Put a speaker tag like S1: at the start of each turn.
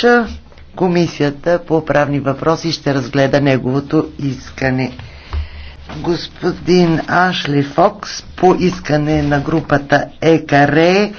S1: Польша, Комисията по правни въпроси ще разгледа неговото искане. Господин Ашли Фокс по искане на групата
S2: ЕКАРЕ